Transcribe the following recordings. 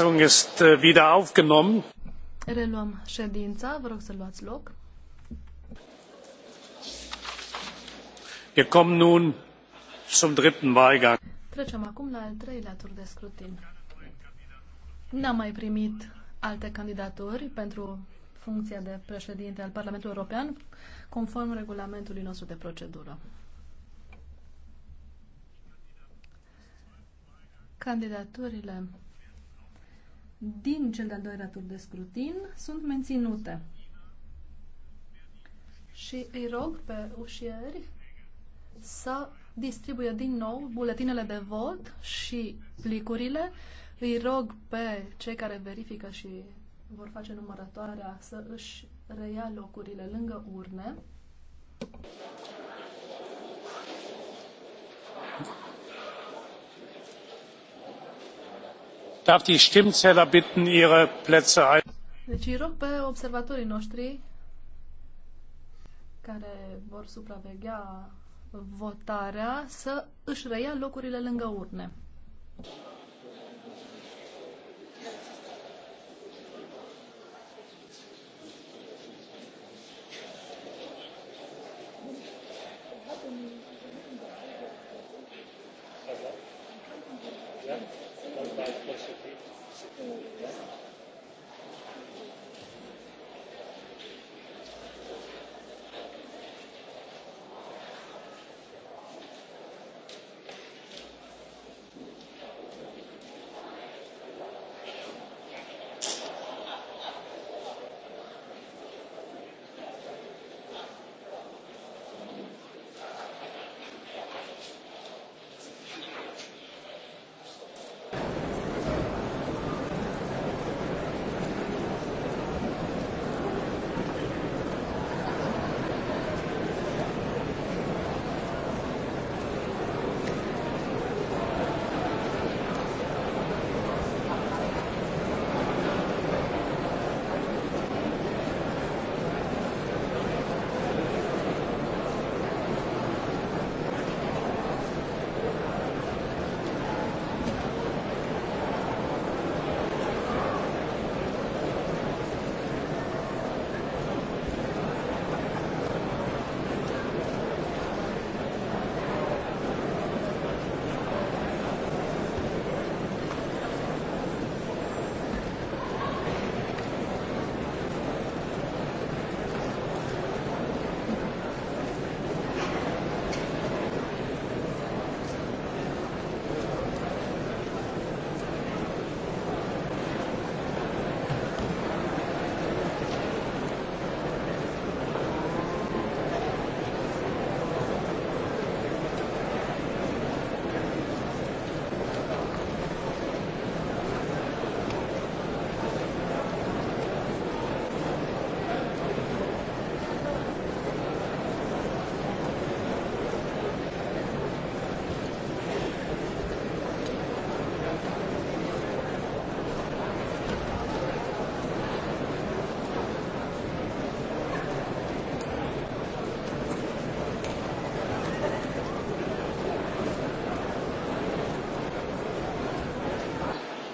Sitzung ist äh, wieder aufgenommen. Reluăm ședința, vă rog să luați loc. Wir kommen nun zum dritten Wahlgang. Trecem acum la al treilea tur de scrutin. N-am mai primit alte candidaturi pentru funcția de președinte al Parlamentului European, conform regulamentului nostru de procedură. Candidaturile din cel de-al doilea tur de scrutin sunt menținute. Și îi rog pe ușieri să distribuie din nou buletinele de vot și plicurile. Îi rog pe cei care verifică și vor face numărătoarea să își reia locurile lângă urne. darf die Stimmzähler bitten, ihre Plätze einzunehmen. Deci să lângă urne.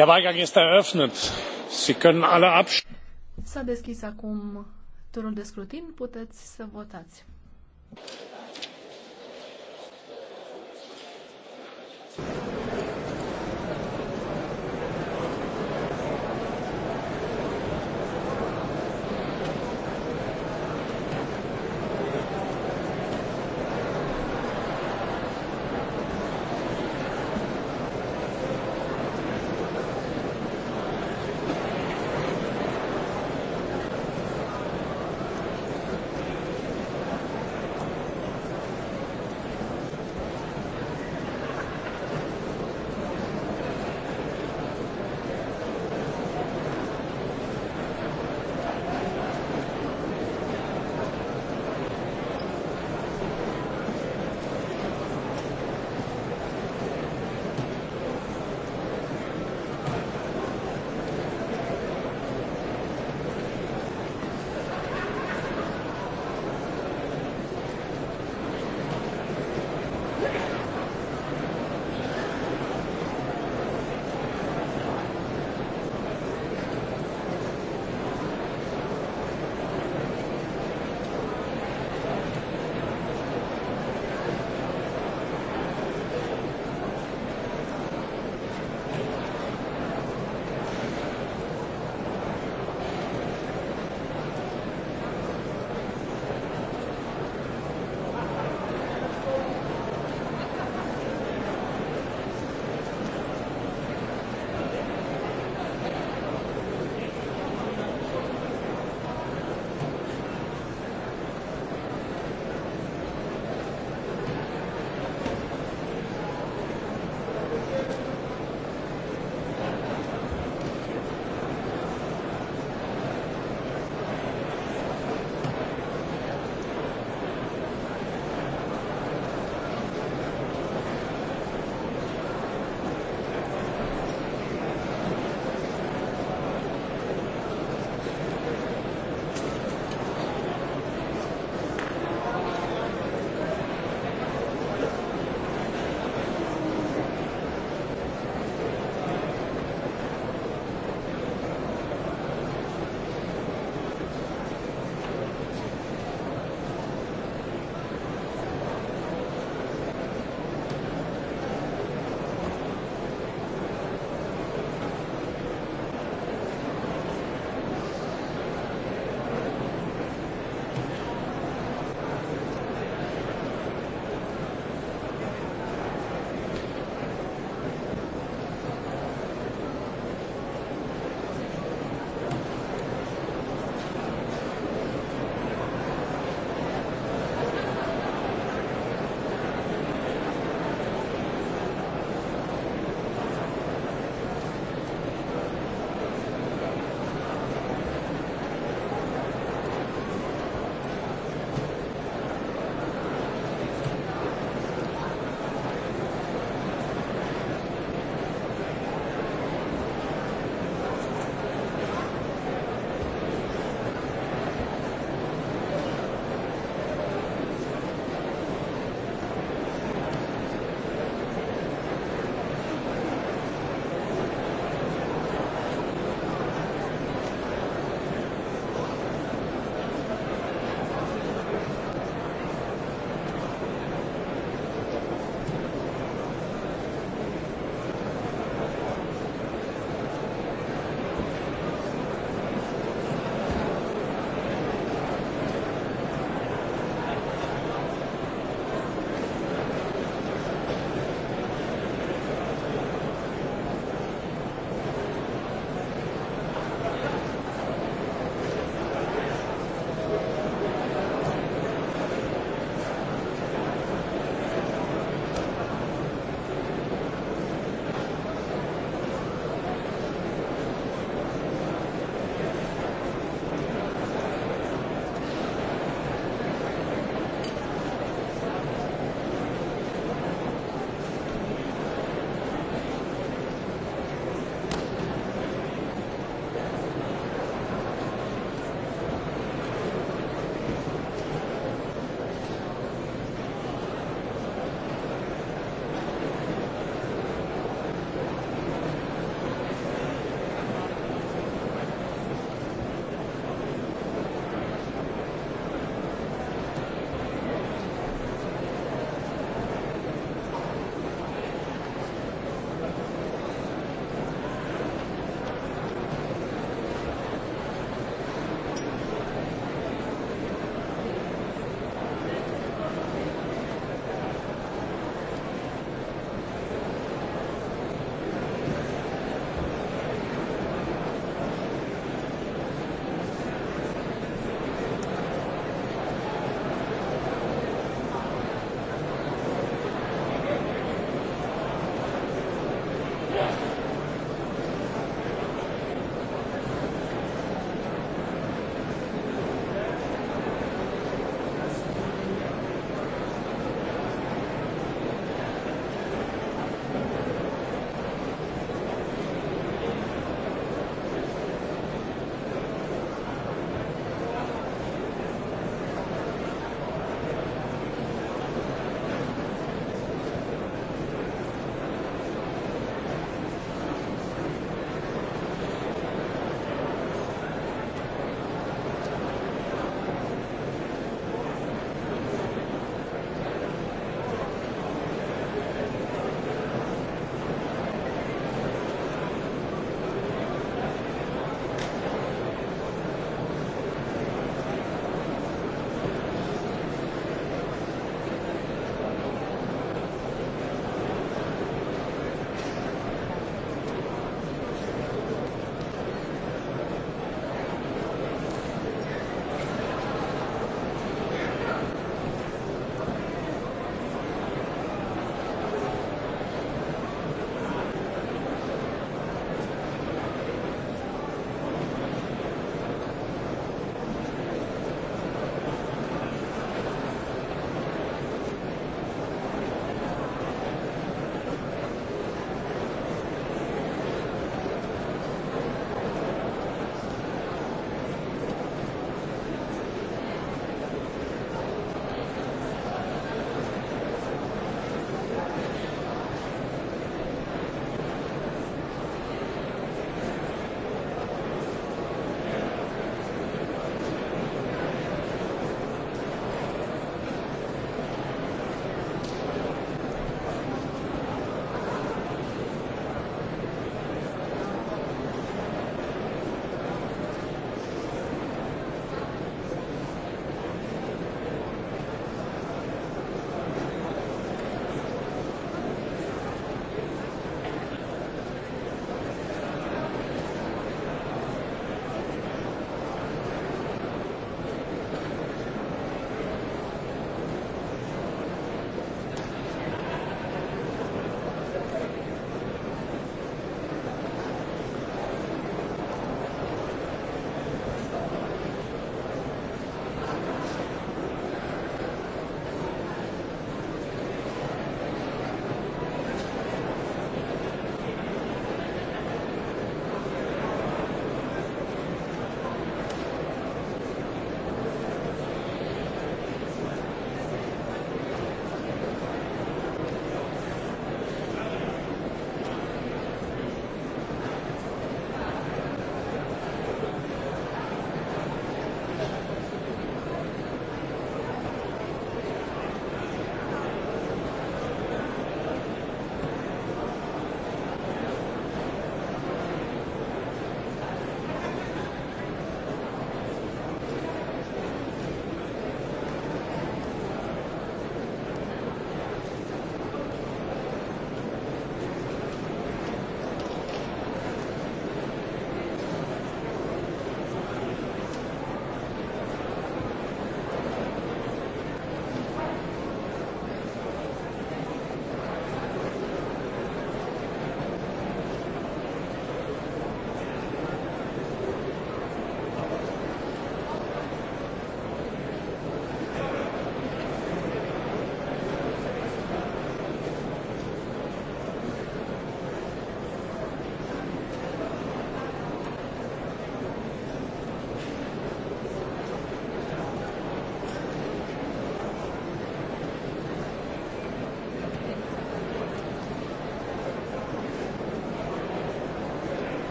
Der Wahlgang eröffnet. Sie können alle abstimmen. S-a deschis acum turul de scrutin. Puteți să votați.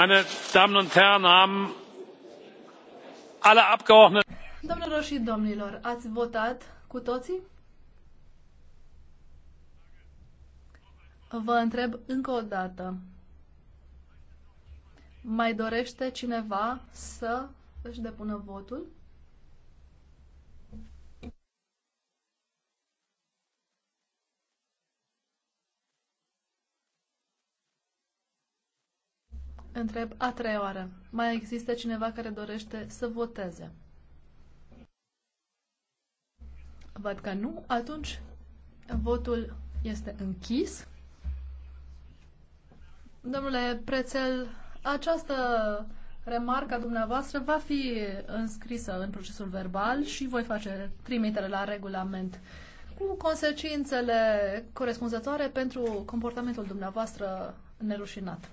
meine damen und herren haben alle abgeordneten. doamnelor și domnilor ați votat cu toții? Vă întreb încă o dată. Mai dorește cineva să își depună votul? Întreb a treia oară. Mai există cineva care dorește să voteze? Văd că nu. Atunci votul este închis. Domnule Prețel, această remarca dumneavoastră va fi înscrisă în procesul verbal și voi face trimitere la regulament cu consecințele corespunzătoare pentru comportamentul dumneavoastră nerușinat.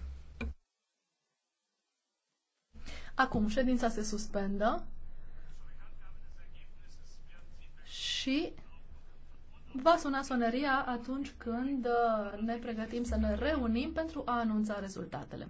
Acum ședința se suspendă și va suna soneria atunci când uh, ne pregătim să ne reunim pentru a anunța rezultatele.